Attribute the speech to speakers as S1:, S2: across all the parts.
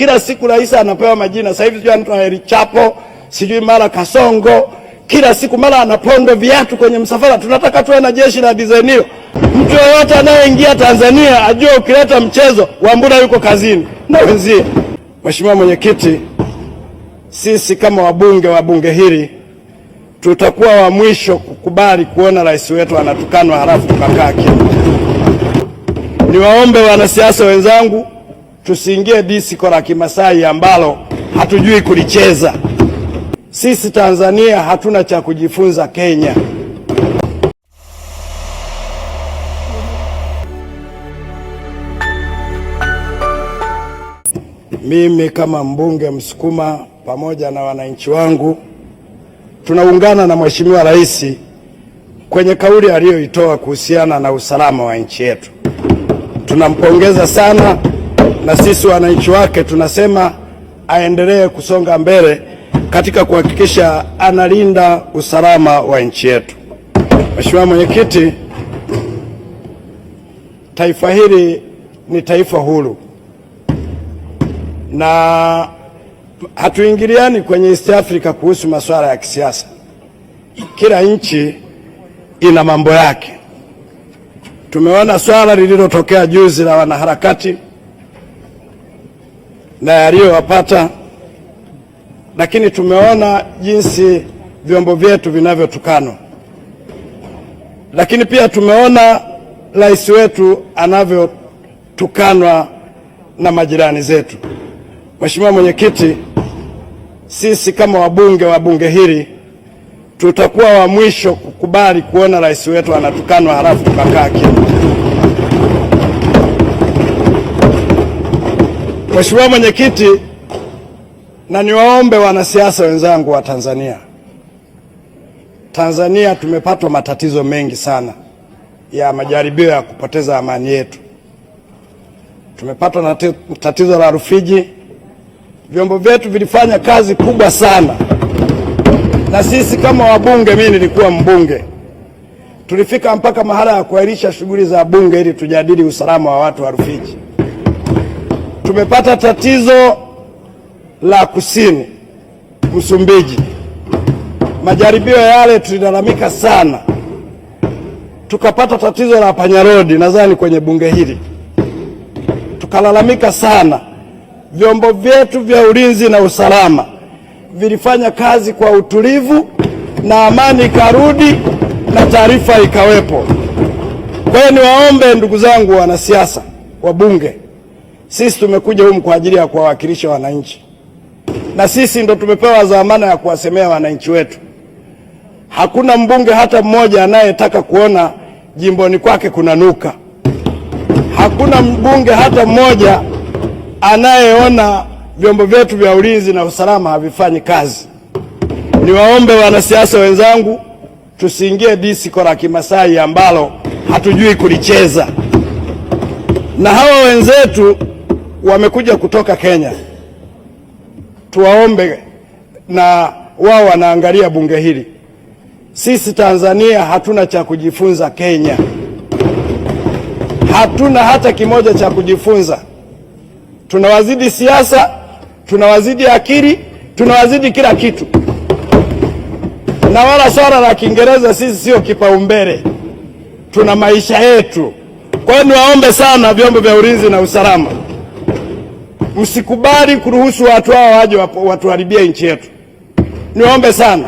S1: Kila siku rais anapewa majina, sasa hivi sijui anaitwa Chapo, sijui mara Kasongo, kila siku mara anapondwa viatu kwenye msafara. Tunataka tuwe na jeshi la dizaini hiyo. Mtu yoyote anayeingia Tanzania ajue ukileta mchezo, Wambura yuko kazini na wenzie. Mheshimiwa Mwenyekiti, sisi kama wabunge wa bunge hili tutakuwa wa mwisho kukubali kuona rais wetu anatukanwa halafu tukakaa kimya. Niwaombe wanasiasa wenzangu tusiingie disko la Kimasai ambalo hatujui kulicheza. Sisi Tanzania hatuna cha kujifunza Kenya. Mimi kama mbunge Msukuma pamoja na wananchi wangu tunaungana na Mheshimiwa Rais kwenye kauli aliyoitoa kuhusiana na usalama wa nchi yetu. Tunampongeza sana na sisi wananchi wake tunasema aendelee kusonga mbele katika kuhakikisha analinda usalama wa nchi yetu. Mheshimiwa Mwenyekiti, taifa hili ni taifa huru na hatuingiliani kwenye East Africa kuhusu masuala ya kisiasa. Kila nchi ina mambo yake. Tumeona swala lililotokea juzi la wanaharakati na yaliyowapata, lakini tumeona jinsi vyombo vyetu vinavyotukanwa, lakini pia tumeona rais wetu anavyotukanwa na majirani zetu. Mheshimiwa Mwenyekiti, sisi kama wabunge wa bunge hili tutakuwa wa mwisho kukubali kuona rais wetu anatukanwa halafu tukakaa kimya. Mheshimiwa Mwenyekiti, na niwaombe wanasiasa wenzangu wa Tanzania. Tanzania tumepatwa matatizo mengi sana ya majaribio ya kupoteza amani yetu. Tumepatwa na tatizo la Rufiji. Vyombo vyetu vilifanya kazi kubwa sana, na sisi kama wabunge, mimi nilikuwa mbunge, tulifika mpaka mahala ya kuahirisha shughuli za bunge ili tujadili usalama wa watu wa Rufiji. Tumepata tatizo la kusini Msumbiji, majaribio yale tulilalamika sana, tukapata tatizo la panyarodi, nadhani kwenye bunge hili tukalalamika sana. Vyombo vyetu vya ulinzi na usalama vilifanya kazi kwa utulivu na amani ikarudi na taarifa ikawepo. Kwa hiyo niwaombe ndugu zangu wanasiasa, wa bunge sisi tumekuja humu kwa ajili ya kuwawakilisha wananchi, na sisi ndo tumepewa dhamana ya kuwasemea wananchi wetu. Hakuna mbunge hata mmoja anayetaka kuona jimboni kwake kuna nuka Hakuna mbunge hata mmoja anayeona vyombo vyetu vya ulinzi na usalama havifanyi kazi. Niwaombe wanasiasa wenzangu, tusiingie disiko la Kimasai ambalo hatujui kulicheza na hawa wenzetu wamekuja kutoka Kenya, tuwaombe na wao wanaangalia bunge hili. Sisi Tanzania hatuna cha kujifunza Kenya, hatuna hata kimoja cha kujifunza. Tunawazidi siasa, tunawazidi akili, tunawazidi kila kitu, na wala swala la Kiingereza sisi sio kipaumbele, tuna maisha yetu. Kwa hiyo niwaombe sana vyombo vya ulinzi na usalama Msikubali kuruhusu watu hao waje watuharibie nchi yetu. Niwaombe sana,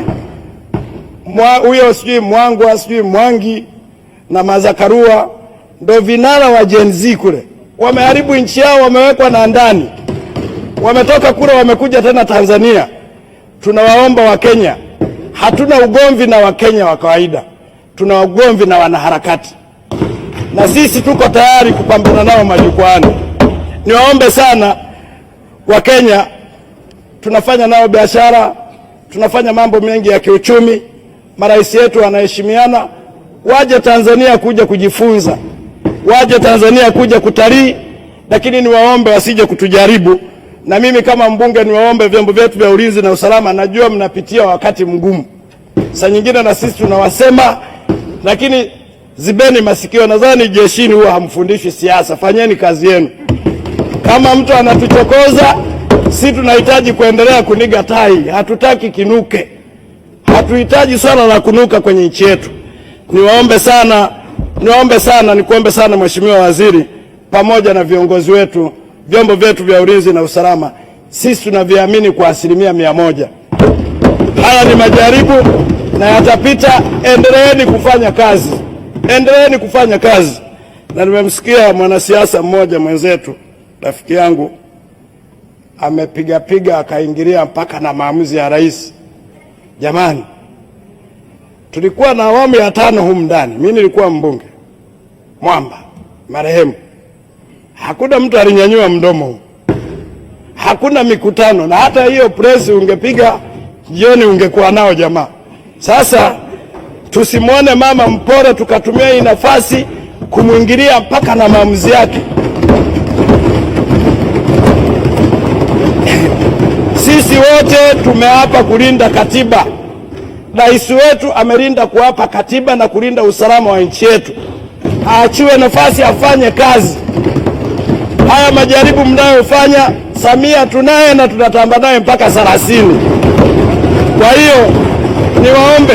S1: huyo sijui Mwangwa sijui Mwangi na Mazakarua ndo vinara wa Gen Z kule, wameharibu nchi yao, wamewekwa na ndani, wametoka kule, wamekuja tena Tanzania. Tunawaomba Wakenya, hatuna ugomvi na Wakenya wa kawaida, tuna ugomvi na wanaharakati, na sisi tuko tayari kupambana nao majukwaani. Niwaombe sana wa kenya tunafanya nao biashara, tunafanya mambo mengi ya kiuchumi, marais yetu wanaheshimiana. Waje Tanzania kuja kujifunza, waje Tanzania kuja kutalii, lakini niwaombe wasije kutujaribu. Na mimi kama mbunge niwaombe vyombo vyetu vya ulinzi na usalama, najua mnapitia wakati mgumu, saa nyingine na sisi tunawasema, lakini zibeni masikio. Nadhani jeshini huwa hamfundishwi siasa, fanyeni kazi yenu. Kama mtu anatuchokoza, si tunahitaji kuendelea kuniga tai. Hatutaki kinuke, hatuhitaji swala la kunuka kwenye nchi yetu. Niwaombe sana, niwaombe sana, nikuombe sana Mheshimiwa Waziri pamoja na viongozi wetu, vyombo vyetu vya ulinzi na usalama, sisi tunaviamini kwa asilimia mia moja. Haya ni majaribu na yatapita. Endeleeni kufanya kazi, endeleeni kufanya kazi. Na nimemsikia mwanasiasa mmoja mwenzetu rafiki yangu amepigapiga akaingilia mpaka na maamuzi ya rais. Jamani, tulikuwa na awamu ya tano humu ndani, mimi nilikuwa mbunge mwamba marehemu, hakuna mtu alinyanyua mdomo, hakuna mikutano, na hata hiyo press ungepiga jioni ungekuwa nao jamaa. Sasa tusimwone mama mpore, tukatumia hii nafasi kumwingilia mpaka na maamuzi yake. Sisi wote tumeapa kulinda katiba. Rais wetu amelinda kuapa katiba na kulinda usalama wa nchi yetu. Aachiwe nafasi afanye kazi. Haya majaribu mnayofanya, Samia tunaye na tunatamba naye mpaka thelathini. Kwa hiyo niwaombe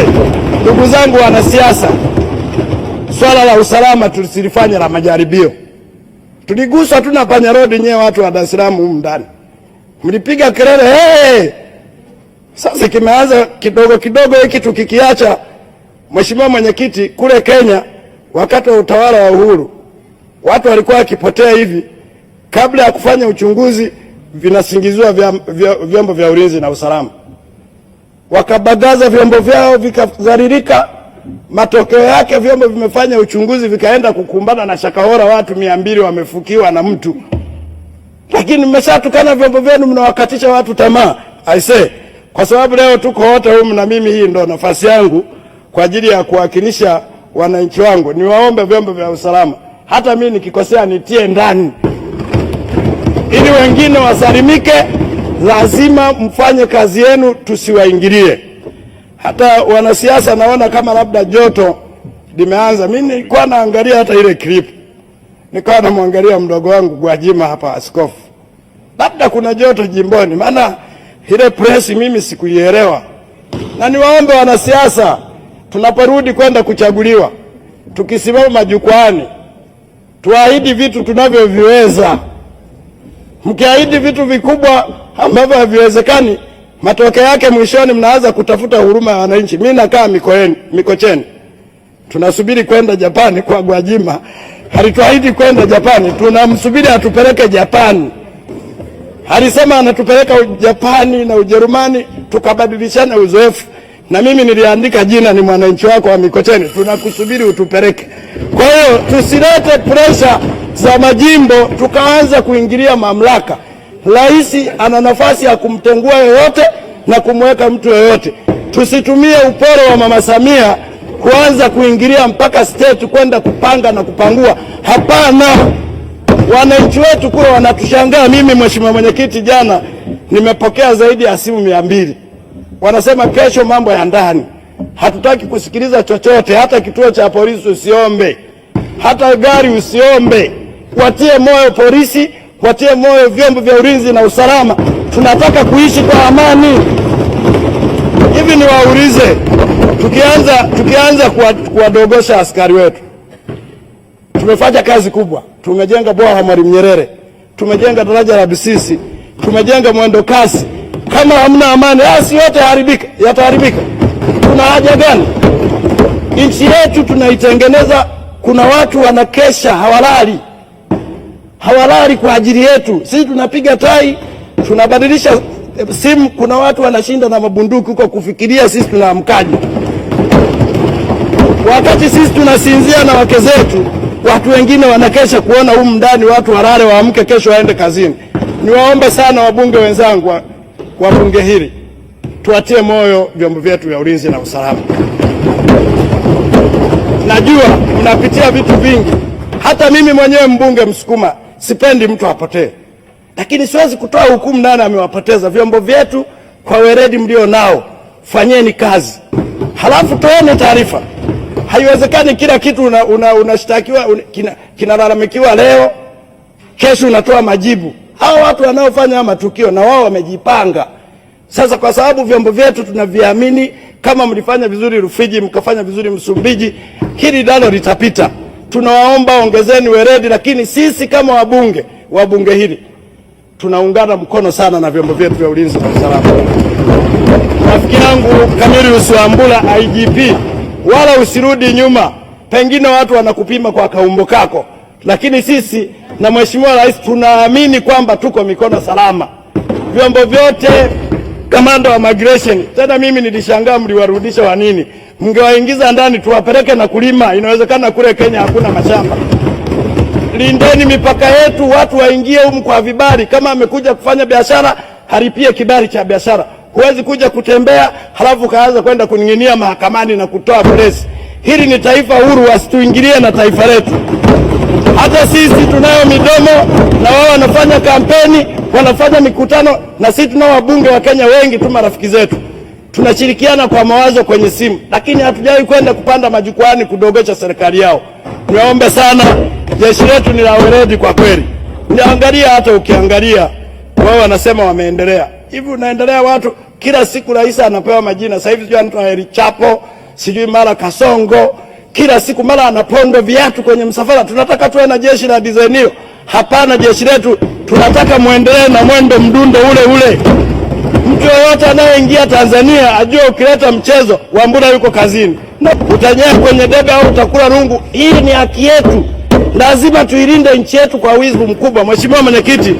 S1: ndugu zangu wanasiasa, swala la usalama tusilifanye la majaribio. Tuliguswa tu na panya road nyewe, watu wa Dar es Salaam humu ndani mlipiga kelele hey! Sasa kimeanza kidogo kidogo, hiki tukikiacha. Mheshimiwa Mwenyekiti, kule Kenya wakati wa utawala wa Uhuru watu walikuwa wakipotea hivi, kabla ya kufanya uchunguzi vinasingiziwa vyombo vya ulinzi na usalama, wakabagaza vyombo vyao vikadhalilika. Matokeo yake vyombo vimefanya uchunguzi vikaenda kukumbana na shakahora, watu mia mbili wamefukiwa na mtu lakini mmeshatukana vyombo vyenu, mnawakatisha watu tamaa. Aise, kwa sababu leo tuko wote humu na mimi, hii ndo nafasi yangu kwa ajili ya kuwakilisha wananchi wangu. Niwaombe vyombo vya usalama, hata mimi nikikosea nitie ndani ili wengine wasalimike. Lazima mfanye kazi yenu, tusiwaingilie. Hata wanasiasa naona kama labda joto limeanza. Mimi nilikuwa naangalia hata ile clip nikawa namwangalia mdogo wangu Gwajima hapa, askofu, labda kuna joto jimboni, maana ile presi mimi sikuielewa. Na niwaombe wanasiasa, tunaporudi kwenda kuchaguliwa, tukisimama majukwani tuahidi vitu tunavyoviweza. Mkiahidi vitu vikubwa ambavyo haviwezekani, matokeo yake mwishoni mnaanza kutafuta huruma ya wananchi. Mimi nakaa Mikocheni, tunasubiri kwenda Japani kwa Gwajima. Halituahidi kwenda Japani, tunamsubiri atupeleke Japani. Alisema anatupeleka Japani na Ujerumani tukabadilishana uzoefu, na mimi niliandika jina, ni mwananchi wako wa Mikocheni, tunakusubiri utupeleke. Kwa hiyo tusilete presha za majimbo tukaanza kuingilia mamlaka. Rais ana nafasi ya kumtengua yoyote na kumweka mtu yoyote. Tusitumie uporo wa Mama Samia kuanza kuingilia mpaka state kwenda kupanga na kupangua. Hapana, wananchi wetu kule wanatushangaa. Mimi mheshimiwa mwenyekiti, jana nimepokea zaidi ya simu mia mbili, wanasema kesho mambo ya ndani hatutaki kusikiliza chochote, hata kituo cha polisi usiombe, hata gari usiombe. Watie moyo polisi, watie moyo vyombo vya ulinzi na usalama. Tunataka kuishi kwa amani. Hivi niwaulize Tukianza tukianza kuwadogosha askari wetu, tumefanya kazi kubwa. Tumejenga bwawa la Mwalimu Nyerere, tumejenga daraja la Bisisi, tumejenga mwendo kasi. Kama hamna amani, basi yote yataharibika. Tuna haja gani? Nchi yetu tunaitengeneza. Kuna watu wanakesha, hawalali, hawalali kwa ajili yetu. Sisi tunapiga tai, tunabadilisha eh, simu. Kuna watu wanashinda na mabunduki huko kufikiria sisi tunaamkaje wakati sisi tunasinzia na wake zetu, watu wengine wanakesha kuona humu ndani watu warare waamke kesho waende kazini. Niwaombe sana wabunge wenzangu wa bunge hili, tuatie moyo vyombo vyetu vya ulinzi na usalama. Najua mnapitia vitu vingi, hata mimi mwenyewe mbunge Msukuma sipendi mtu apotee, lakini siwezi kutoa hukumu nani amewapoteza. Vyombo vyetu kwa weredi mlio nao, fanyeni kazi, halafu toeni taarifa. Haiwezekani kila kitu unashtakiwa una, una kinalalamikiwa kina leo, kesho unatoa majibu. Hawa watu wanaofanya haya matukio na wao wamejipanga. Sasa kwa sababu vyombo vyetu tunaviamini, kama mlifanya vizuri Rufiji, mkafanya vizuri Msumbiji, hili nalo litapita. Tunawaomba ongezeni weledi, lakini sisi kama wabunge wa bunge hili tunaungana mkono sana na vyombo vyetu vya ulinzi na usalama. Rafiki yangu Kamili Wambura IGP wala usirudi nyuma. Pengine watu wanakupima kwa kaumbo kako, lakini sisi na Mheshimiwa Rais tunaamini kwamba tuko mikono salama. Vyombo vyote, kamanda wa migration, tena mimi nilishangaa mliwarudisha wa nini? Mngewaingiza ndani tuwapeleke na kulima, inawezekana kule Kenya hakuna mashamba. Lindeni mipaka yetu, watu waingie humu kwa vibali. Kama amekuja kufanya biashara, haripie kibali cha biashara. Huwezi kuja kutembea halafu kaanza kwenda kuning'inia mahakamani na kutoa presi. Hili ni taifa huru, wasituingilie na taifa letu. Hata sisi tunayo midomo, na wao wanafanya kampeni, wanafanya mikutano, na sisi tunao wabunge wa Kenya wengi tu, marafiki zetu, tunashirikiana kwa mawazo kwenye simu, lakini hatujawahi kwenda kupanda majukwani kudogocha serikali yao. Niwaombe sana, jeshi letu ni la weledi kwa kweli, niangalia, hata ukiangalia wao wanasema wameendelea hivi unaendelea watu kila siku rais anapewa majina. Sasa hivi sijui anaitwa Heri Chapo, sijui mara Kasongo, kila siku mara anapondo viatu kwenye msafara. Tunataka tuwe na jeshi la design hiyo? Hapana, jeshi letu tunataka muendelee na mwendo mdundo ule ule. Mtu yoyote anayeingia Tanzania ajue, ukileta mchezo Wambura yuko kazini, na utanyea kwenye debe au utakula rungu. Hii ni haki yetu lazima tuilinde nchi yetu kwa wivu mkubwa. Mheshimiwa Mwenyekiti,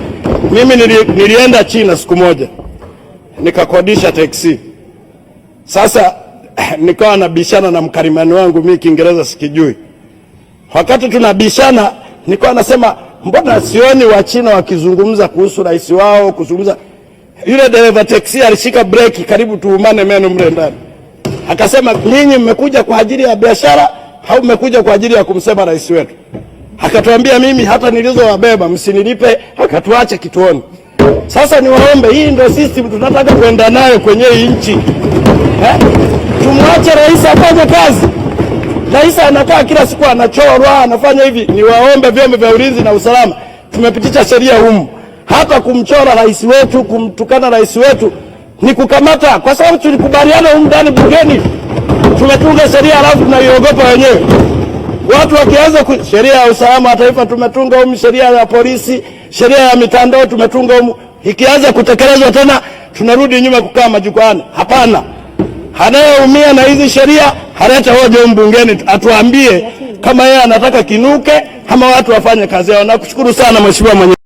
S1: mimi nili, nilienda China siku moja nikakodisha teksi. Sasa nikawa nabishana na mkarimani wangu, mii Kiingereza sikijui. Wakati tunabishana, nikawa nasema mbona sioni Wachina wakizungumza kuhusu rais wao kuzungumza. Yule dereva teksi alishika breki, karibu tuumane meno mle ndani, akasema, ninyi mmekuja kwa ajili ya biashara au mmekuja kwa ajili ya kumsema rais wetu? akatuambia mimi hata nilizowabeba msinilipe, akatuacha kituoni. Sasa niwaombe, hii ndio system tunataka kwenda nayo kwenye hii nchi eh? Tumwache rais afanye kazi. Rais anakaa kila siku anachorwa, anafanya hivi. Niwaombe vyombo vya ulinzi na usalama, tumepitisha sheria humu, hata kumchora rais wetu, kumtukana rais wetu ni kukamata, kwa sababu tulikubaliana humu ndani bungeni, tumetunga sheria alafu tunaiogopa wenyewe. Watu wakianza ku... sheria ya usalama wa taifa tumetunga humu, sheria ya polisi, sheria ya mitandao tumetunga humu. Ikianza kutekelezwa tena tunarudi nyuma kukaa majukwani Hapana, anayeumia na hizi sheria halete hoja humu bungeni, atuambie kama yeye anataka kinuke ama watu wafanye kazi yao. Nakushukuru sana mheshimiwa mwenye